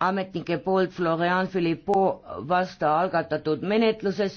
ametnike poolt Florian Philippot vastu algatatud menetlusest